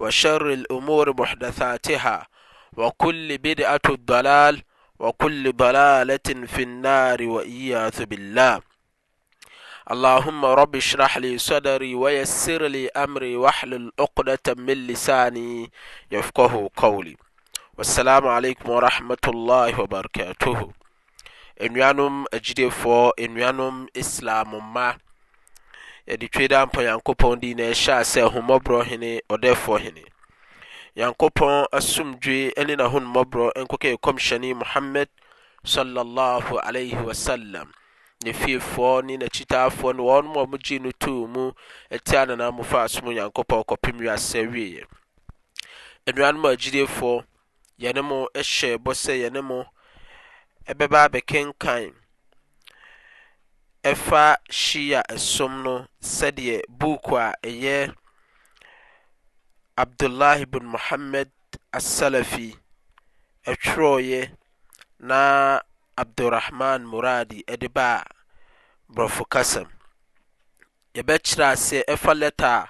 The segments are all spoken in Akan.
وشر الأمور محدثاتها وكل بدعة الضلال وكل ضلالة في النار وإياذ بالله اللهم رب اشرح لي صدري ويسر لي أمري واحلل عقدة من لساني يفقه قولي والسلام عليكم ورحمة الله وبركاته إنوانم أجدفو إنوانم إسلام ما yɛde twe da mpa nyankopɔn di na ɛhyɛ sɛ ahomɔborɔ hene ɔdɛfoɔ hene nyankopɔn asomdwe ne n'ahonmɔborɔ nkɔkɛ kɔmhyɛne muhammad sallallahu alaihi wasallam ne fiefoɔ ne n'akyitaafoɔ ne wɔn a wɔgye no too mu ɛte anana mu fa asom nyankopɔn kɔpem wiase wieɛ anuanom agyidiefoɔ yɛne mo hyɛ bɔ sɛ yɛne mo ɛbɛba abɛkenkan ɛfa syiya ɛsom no sɛdeɛ buuk a ɛyɛ abdulah bn mohamad asalafi ɛtwerɛeɛ na abdurrahman moradi ɛde ba a borɔfo kasam yɛbɛkyerɛ asɛ ɛfa lɛtta a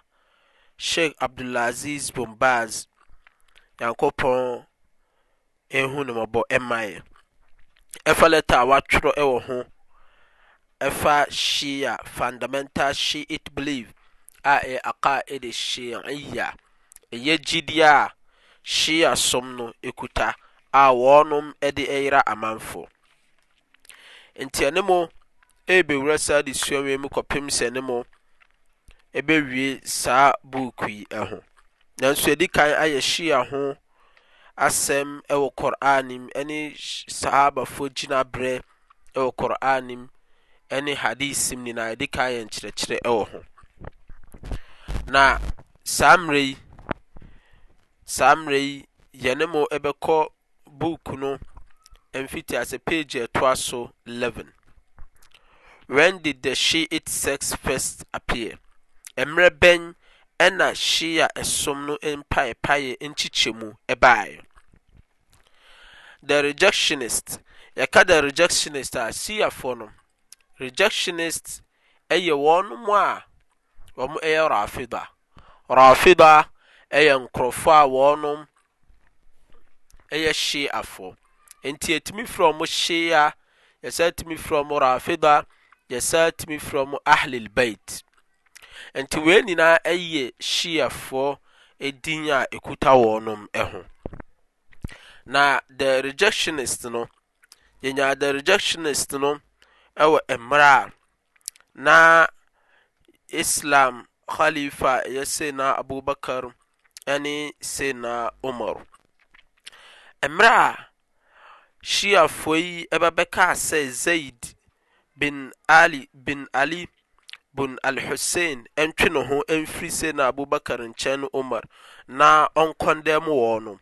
sheik abdulazis bumbaaz nyankopɔn ɛhu no mɔbɔ ɛmaeɛ ɛfa lɛta a woatworɛ ɛwɔ ho ɛfa shia fundamental shiit belief a ɛyɛ e aqaida shiia ɛyɛ gyidie a shia som no ɛkuta a wɔnom ɛde e ɛyera amanfo nti ɛne mo ɛbɛwura e saa de suawei mu kɔpem sɛ ne mo ɛbɛwie saa buuku yi ɛho nanso ɛdi kan ayɛ shia ho asɛm ɛwɔ kɔr'anim ɛne sahabafoɔ gyina berɛ ɛwɔ kɔr'anim ne hadisim mu nyinaa yɛde ka yɛ nkyerɛkyerɛ wɔ ho na saa mmerɛ yi saa mmerɛ yi yɛne mo ɛbɛkɔ book no mfitiase page ɛtoa so 11 when did the it sex first appear ɛmmerɛ bɛn ɛna a ɛsom no mpaepaeɛ mu ɛbaeɛ the rejectionist yɛka the rejectionist a shiafoɔ no rejectionist yɛ wɔn mu a wɔn yɛ rafida rafida ɛyɛ nkorɔfo a wɔn yɛ afɔ nti atumi fira wɔn shia yɛsɛ tumi fira wɔn rafida yɛsɛ tumi fira wɔn ahlil bait nti wɔn nyinaa yɛ shiafoɔ din a ekuta wɔn ho na the rejectionist no yɛnya the rejectionist no. ɛwɔ ɛmerɛ a na islam khalifa yɛ sena abobakar ne seina omar merɛ a hyi afo yi ɛbɛbɛkaa sɛ zaid bali bin ali bin alhusain ntwe ne ho mfiri sedna abubakar nkyɛn omar na ɔnkɔndɛ m wɔ no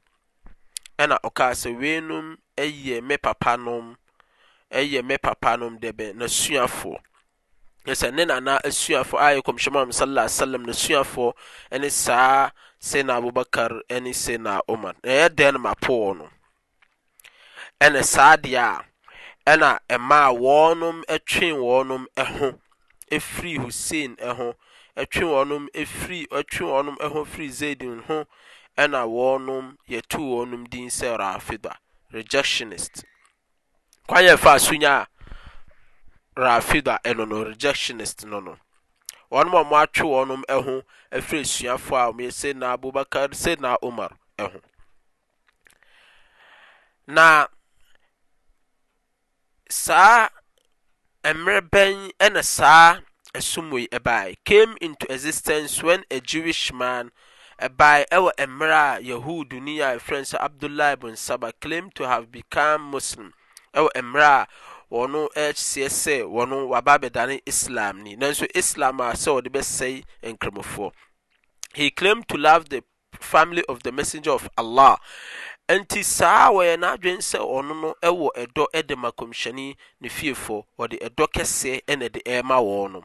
ɛna ɔkaa sɛ weinom ayiɛ me papa nom yɛ mɛ papa nom d bɛ nasuafoɔ ɛsɛne nana suafoɔ yɛkɔhyɛm saasalm nasuafoɔ ne saa sena abobakar ne seena omarɛdnmapoɔ no nsaadeɛnamaa wɔ nom twe wɔ nom ho fri hossain he ɔnfri zadin ho ɛna wɔ nom yɛto wɔ nom den sɛ rafiha rejectionist kwan ɛ faso nyaarafida ɛnono rejectionist no nonmo atwe ɔnom hfrɛ suafoɔsdaabobakar sadnamar ha na saa asomyiba came into existence when a jewish man ba ɔ merɛ a yahoo duniafriensɛ abdullah abn saba claim to hae becomemuslim ɛwɔ mmerɛ a wɔn ɛkyerɛ sɛ wɔn waba abɛdane islam ni nanso islam a sɛ wɔde bɛsɛe nkramofoɔ he claimed to love the family of the messenger of allah nti saa wɔyɛ n'adwene sɛ ɔno no ɛwɔ ɛdɔ ɛde ma kɔmhyɛni ne fiefo wɔde ɛdɔ kɛseɛ ɛna ɛde ɛrema wɔn no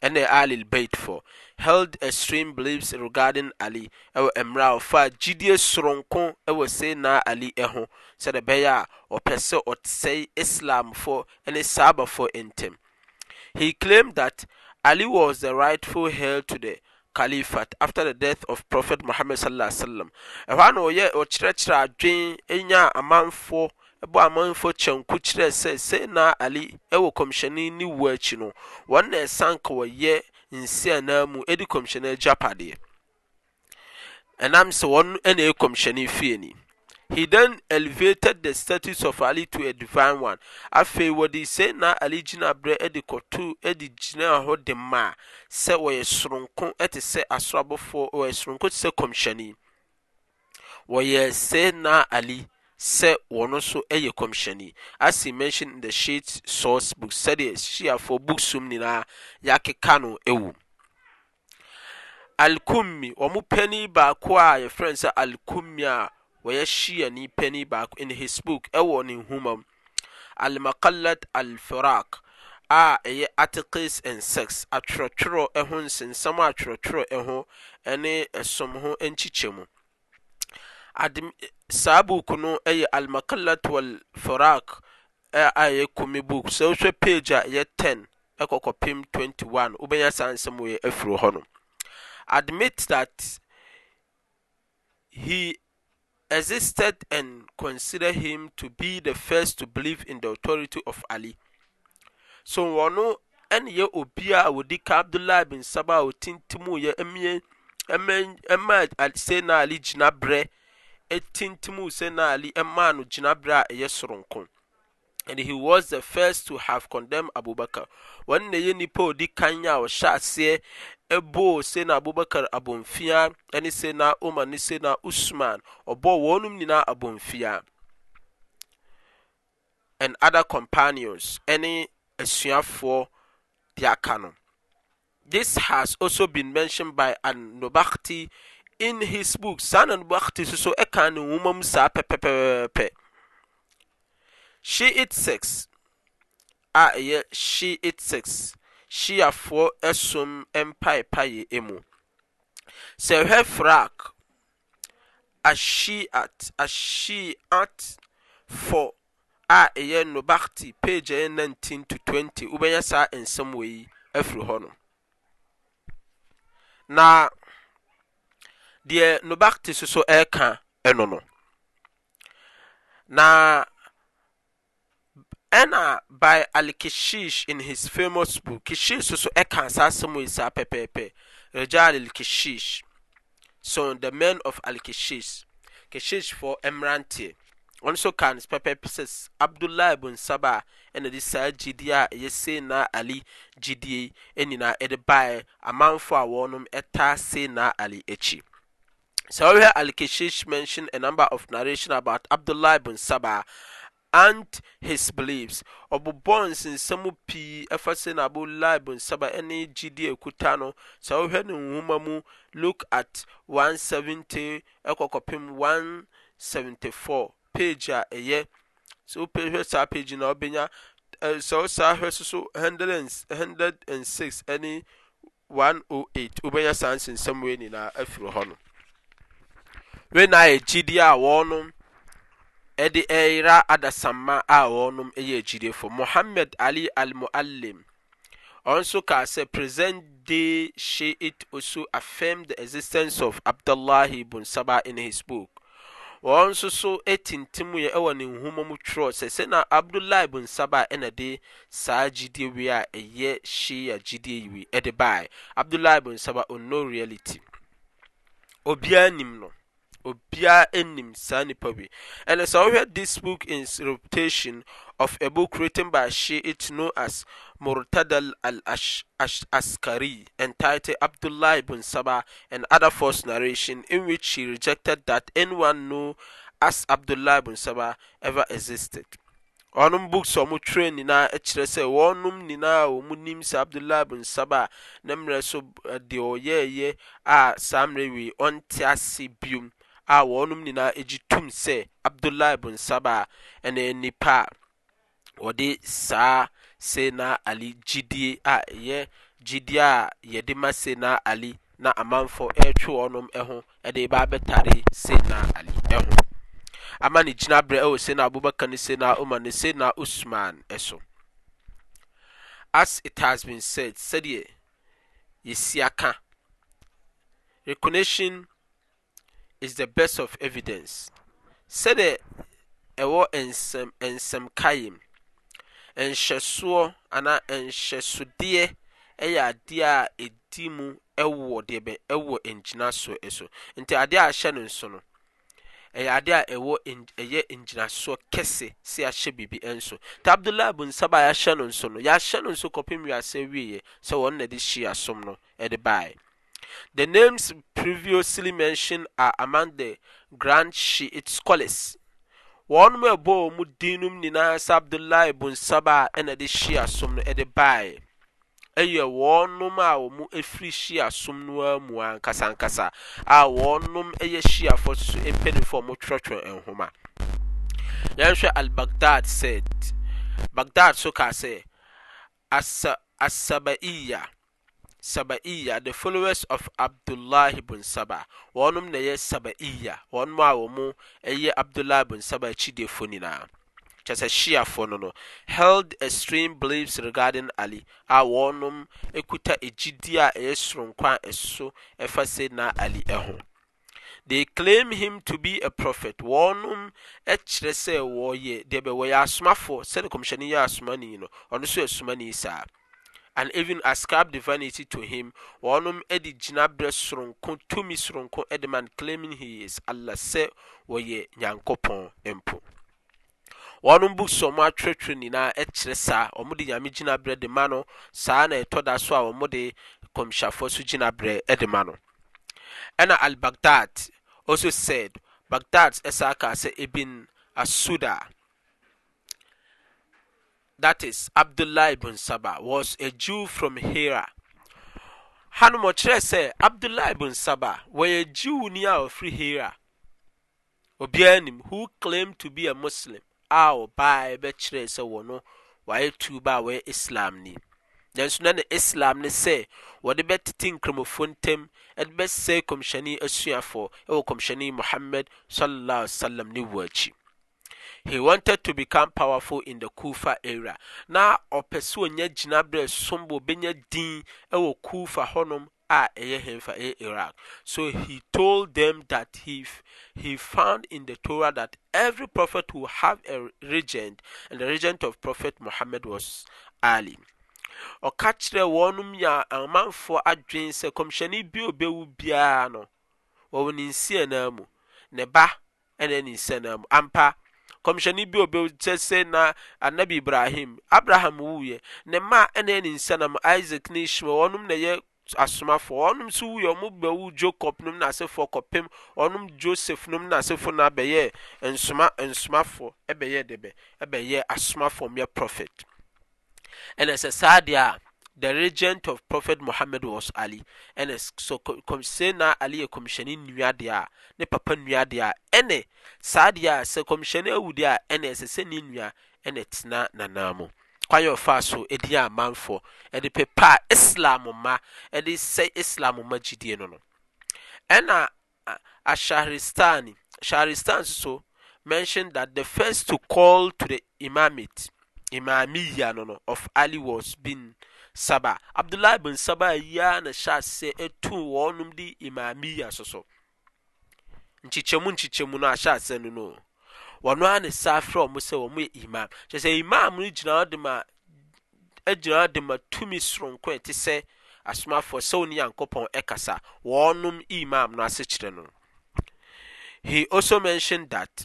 Ali, alil baitfo held extreme beliefs regarding ali ɛwɔ mmerɛ a ɔfa gyidie soronko ɛwɔ sena ali or sɛdeɛ ɛbɛyɛ say Islam for and islamfo ɛne for ntɛm he claimed that ali was the rightful heir to the caliphate after the death of prophet muhammad sallallahu alaihi wasallam ɛhɔ ana ɔyɛ ɔkyerɛkyerɛ adwen ɛnya for ɛbɔ amanfoɔ kyɛnko kyerɛɛ sɛ sɛna ali ɛwɔ kɔmhyɛne ne wu akyi no wɔn na ɛsanka wɔyɛ nsianaa mu ɛdi kɔmhyɛne agyapadeɛ ɛnam sɛ wɔn na ɛyɛ kɔmhyɛne fie ni he then elevated the status of ali to a divine one afei wɔde sɛna ali gyina berɛ ɛde kɔto ɛde gyinaa hɔ de ma sɛ wɔyɛ soronko ɛte sɛ asorabɔfoɔ wɔyɛ soronko te sɛ kɔmhyɛne wɔyɛ sɛna ali sɛ wɔn nso yɛ kɔmhyɛni as he mentioned in the sheet source book sɛdeɛ books mu nyinaa yɛakeka no wɔ alkummi wɔn panyin baako a yɛfrɛ no sɛ alkummi a wɔyɛ shiani panyin baako in his book wɔ ne nhoma mu almakalat alfarak a ɛyɛ articles and sex atwerɛtwerɛ ho nsensɛm atwerɛtwerɛ ho ne ɛsom ho nkyikyɛ saa buuk no ɛyɛ almakallat wlforak ayɛ kmi bouk sɛ wo su paga yɛ 10 ɛkkɔpem 21 wobɛya sa nsɛm w yɛ afiri hɔ no admit that he existed an considered him to be the first to believe in the authority of ali so wɔ no ɛneyɛ obia a wodi ka abdullah binsaba a wɔtintimu yma se na ali gyina berɛ tintim Hussein Ali maa no gyinabere a ɛyɛ soronko and he was the first to have condemned Abubakar wɔn na ɛyɛ nipa a odi kan a ɔhyɛ aseɛ ɛboo Sena Abubakar abomfia ɛne Sena Omar ne Sena Usman ɔbɔɔ wɔn nyinaa abomfia and other companions ɛne asuafoɔ de aka no this has also been mentioned by an-Nobakti in his book saa nanobacty suso ɛka ne nwomamu saa pɛpɛppɛ syeits ɛyit6 hyiafoɔ som mpae payi emu sɛ hwɛ frak aaiatf a ɛyɛ nobacty page ɛ 19 20 wobɛnya saa ɛnsɛm we yi afiri hɔ no deɛ nobakty so so ɛɛka ɛno no na ɛna by alkesish in his famous book kesish soso ɛka saa sɛmu yisaa pɛpɛpɛ rejall kesish son the man of alkeshish kesish fo mranteɛ ɔn so kan pɛpɛps abdullah bn saba ɛna de saa gyidi a yɛ seena ali gyidiei nyinaa ɛde baɛ amanfo a wɔnom ɛtaa seena ali akyi sɛ wohwɛ alikeshish mention a number of narration about abdu lah bunsabea and his blieves ɔbobɔɔ nsensɛ m pii ɛfa sɛ no ablai bunsabe ne gyidi kuta no sɛ wohwɛ ne nhoma mu look at 170 ɛkɔkɔpem 174 page a ɛyɛ wohwɛ saa pegi naa wobenya sɛ wosaa hwɛ soso 1006 ane108 wobɛnya saa nsensɛm i nyinaa afiri hɔ no we naayɛgyidi a wɔɔno de ɛyra adasamma a wɔɔnom yɛ gyide fo mohamed ali almuallem ɔnso kasɛ present de syi it oso affirm the existence of abdullahi bnsaba in his book ɔ nsoso e tintimu ya e wa ne nhomomu torɛ sɛ sɛna abdulah bnsaba nade saa gyide wei a yɛ syia gyide iwe deba abdlah bnsaba no reality bianim n obiaa nim saa nnipa bi ɛne sɛ wo hwɛ this book insruptation of a book writen bashie t no as murtadal alaskari entiety abdullah bnsaba an other forse narration in which hi rejected that anyone no as abdulah bnsaba ever existed ɔnom books ɔ moturɛ nyinaa kyerɛ sɛ wɔnom nyinaa a ɔ munim sa abdulah bnsaba na mmerɛ so eh, deɛɔyɛyɛ a saa mmerɛ wii ɔnte ase biom a wɔnom nyinaa agye tum sɛ abdullahi bun saba ɛne nipa a wɔde saa sena ali gyidie a ɛyɛ gyidie a yɛde ma na ali na amanfo ɛretwe wɔnom ho ɛde ba abɛtare na ali ho ama ne gyinaberɛ ɛwɔ na abubakar ne na umar ne na usman ɛso as it has been said said yɛsi aka recognition is the best of evidence sɛdeɛ ɛwɔ nsɛm nsɛm kaim mu nhyɛsoɔ anaa nhyɛsodeɛ ɛyɛ adeɛ a ɛdi mu ɛwɔ deɛ bɛ ɛwɔ ngyinasoɔ ɛso nti adeɛ a ahyɛ no nso no ɛyɛ adeɛ a ɛwɔ ɛyɛ ngyinasoɔ kɛse sɛ yɛahyɛ biribi nso nti abdullahi abu nsaba a yɛahyɛ no nso no yɛahyɛ no nso kɔpem wiase wieɛ sɛ wɔn na de hyia som no ɛde baeɛ the names previously mention are amang the grand shi it scolles wɔnom a ɛbɔ ɔ mudin nom nyinaa sɛ abdullahi bunsaba a ɛna de hyiasom no de bae ɛyɛ wɔnom a wɔ mu firi hyiasom no aramua nkasankasa a wɔnom yɛ hyiafo so mpɛnimfo mo twerɛtwerɛ nhoma yɛnhwɛ al baghdad sɛid baghdad so ka sɛ asabaiya sabaiya the followers of abdullah bn saba wɔnom nayɛ sabaiya wɔnom a wɔ mu ɛyɛ abdulah bnsaba akyideefo nyinaa kyɛsɛ hyiafɔ no no held extrame blaves regarding ali a wɔnom kuta ɛgyidie a ɛyɛ soronko a ɛso ɛfa se na ali ho tde claim him to be a prophet wɔnom kyerɛ sɛ wɔyɛ deɛ bɛwɔyɛ asomafo sɛne komhyɛne yɛ asoma nii no ɔno so asoma ni saa and even ascribe divinity to him wɔnom de gyinaberɛ soronko tumi soronko de man claiming he is allah sɛ wɔyɛ nyankopɔn mpo wɔnom books a wɔn atwerɛtwerɛ nyinaa kyerɛ saa wɔn de nyame gyinaberɛ de ma no saa na ɛtɔ da so a wɔn de kɔmhyɛfoɔ so gyinaberɛ de ma no ɛna al-baghdad also said baghdad ɛsa kaa sɛ ibn asuda tais abdulah bn saba was a jew from hera hannom ɔkyerɛɛ sɛ abdullah ibn saba wɔyɛ jewni a ɔfri hira obiara nim who claimed to be a muslim a ɔbaa ɛbɛkyerɛɛ sɛ wɔ no wayɛ tu ba a wɔyɛ islamni nanso na ne islam ne sɛ wɔde bɛtete nkramɔfo ntam ɔde bɛsɛe kɔmhyɛne i asuafo wɔ kɔmhyɛneyi mohammad ssm ne w aki he wanted to become powerful in the kufa area na ɔpɛ sɛ ɔnya gyinaberɛ som bɔ ɔbɛnya din wɔ kufa hɔnom a ɛyɛ hemfa ɛyɛ iraq so he told them that he he found in the torah that every prophet will have a regent and the regent of prophet muhammad was ali ɔka kyerɛ wɔnom yɛ amanfoɔ adwene sɛ kɔmhyɛne bi obɛwu biara no wɔwɔ ne nsia mu ne ba ɛna ne nsia mu ampa kɔmhyɛni bi obi kyɛ sɛ na anabi ibrahim abraham wuyɛ ne mma ɛna ne nsanam isaac ne ishmael wɔnom na yɛ asomafoɔ ɔnom nso wuyɛ ɔmo bɛwu jacob nom n'asefoɔ kɔpem ɔnom joseph nom n'asefoɔ na bɛyɛ nsoma nsomafoɔ ɛbɛyɛ debɛ ɛbɛyɛ asomafoɔ mɛ prophet ɛna sɛ saa deɛ a the regent of prophet mohamad wɔ so aliɛnaalyɛ comhyɛnenadeɛne papa nnadeɛɛnɛ saadeɛ sɛ komhyɛne awudeɛ nɛsɛ sɛnenua nɛ tena nana mu kwanɛfaso dinaamanf de pepɛa islam ma de sɛ islam ma gyidie no no ɛna ashahristan shahristan so mention tha the first to call tohet imamiya no no of ali was bin saba abdullahi bin saba ya na sha ase etu wɔnom di imamiya soso nchichemu nchichemu na ahyɛ ase no no wɔn a ne sa afrɛ wɔn sɛ wɔn yɛ imam kyerɛ sɛ imam no gyina hɔ de ma egyina de ma tumi soronko a ɛte sɛ asomafoɔ sɛw ne yankopɔn ɛkasa e wɔnom imam no ase chire no he also mentioned that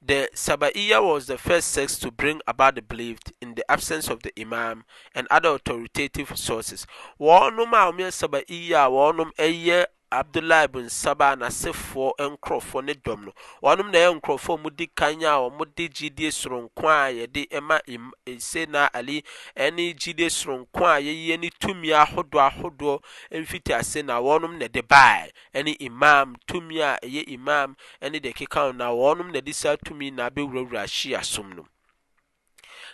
the sabaiya was the first sex to bring about the believed in the absence of the imam and other authoritative sources wanum a omea sabaiyaa wanum aye abdullahi bin saba n'asefoɔ nkurɔfoɔ ne dɔm no wɔnom na ɛyɛ nkurɔfoɔ a wɔde kan a wɔde gyidie soronko a yɛde ma sena ali ne gyidie soronko a yɛyɛ ne tumi ahodoɔ ahodoɔ mfiti ase na wɔnom na de bae ne imam tumi a ɛyɛ imam ne deɛ keka na wɔnom na de saa tumi na abɛwurawura ahyia som no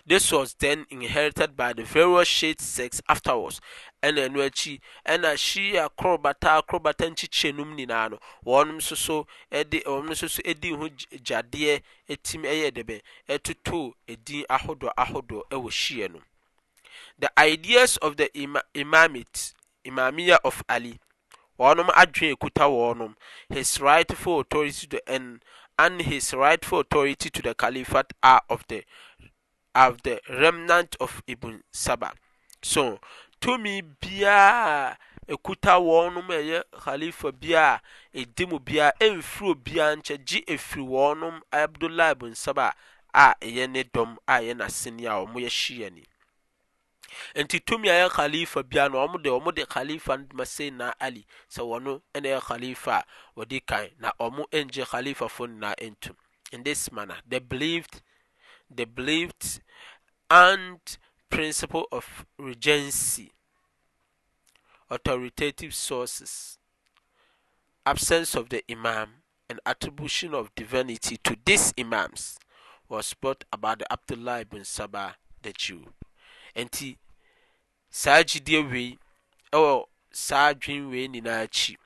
this was then inherited by the varoshate sex afterwards ɛna ɛno akyi ɛna syia krbata krbata nkyikyerɛnom nyinaa no soso di ho gyadeɛ tim yɛ debɛ totoo din ahodoahodo wɔ hyie no the ideas of the timamiyah of ali ɔnom adwee kuta wɔnom his rightfor authority to to ɛnd and his right for authority to the calihat ar of the ofthe remnant of ibnsaba so tumi biaa ɛkuta wɔ nom ɛyɛ halifa bia a ɛdi mu biaa mfirbiaa nkyɛ gye ɛfiri wɔ nom abdulah ibnsaba a yɛ ne dɔm ayɛ naseni a ɔmoyɛahyiani nti tumi a yɛ kalifa biaanaɔ dɔmo de halifa no duma senaa ali sɛ wɔno nɛɛ halifa a ɔde kan na ɔmo ngye halifafo nnaa ntom in this manatb the believed and principle of regency authoritative sources absence of the imam and attribution of divinity to this imams was brought about the abdullah ibin saba the jew anti saa gidiwei w saa dwin wei nyinaa cyi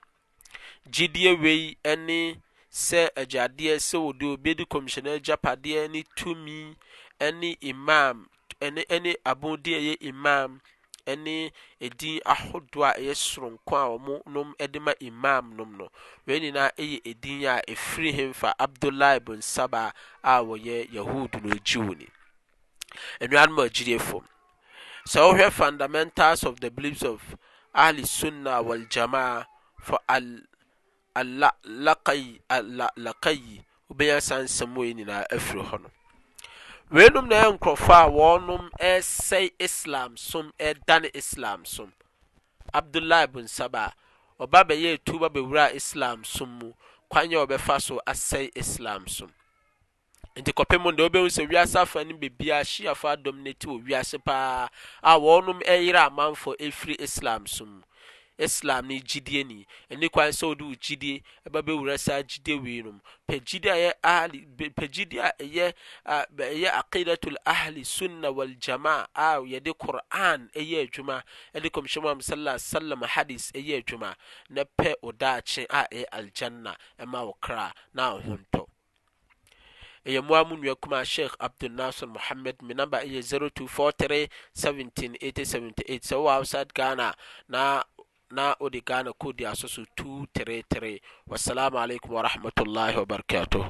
gidiwei ne sɛ agyadeɛ sɛ wode obide commisyɛnaɛ gjapadeɛ ne tumi ne imane abodi yɛ imam ne ɛdin ahodoɔ a ɛyɛ soronkɔ a ɔmonom de ma imam nom no wei nyinaa yɛ ɛdin a ɛfiri him fa abdullah abn saba a wɔyɛ yahod no gyiwoni nmgirifmsɛwohwɛ fundamentals of the beliefs of ahlsunna waljamaaf alakayi alakayi wobɛyɛ saa nsɛm yi nyinaa afiri hɔ no weenum na ɛyɛ nkurɔfoɔ a wɔnom ɛresɛe islam som ɛredane islam som abdullahi bin saba ɔba bɛyɛ tuba bɛwura islam som mu kwan yɛ ɔbɛfa so asɛe islam som nti kɔpem no deɛ wobɛhu sɛ wiase afa no bebia hyiafo adɔm no ti wɔ wiase paa a wɔnom ɛyera amanfoɔ ɛfiri islam som mu islam no gyidieni ni ka sɛode o gyidi ba bɛwur sa gyid ii nom pɛ gidiyɛ aidat lahlisuna waljamaa yde quran yɛ wuma sam hadis yɛ dwuma n pɛ o dake aljana ma kra naɔ hot yɛmwa mu na km she abdunaser muhamd m ney 02437ghana na odi ghana kodi a 233 wassalamu alaikum warahmatullahi wabarakatuh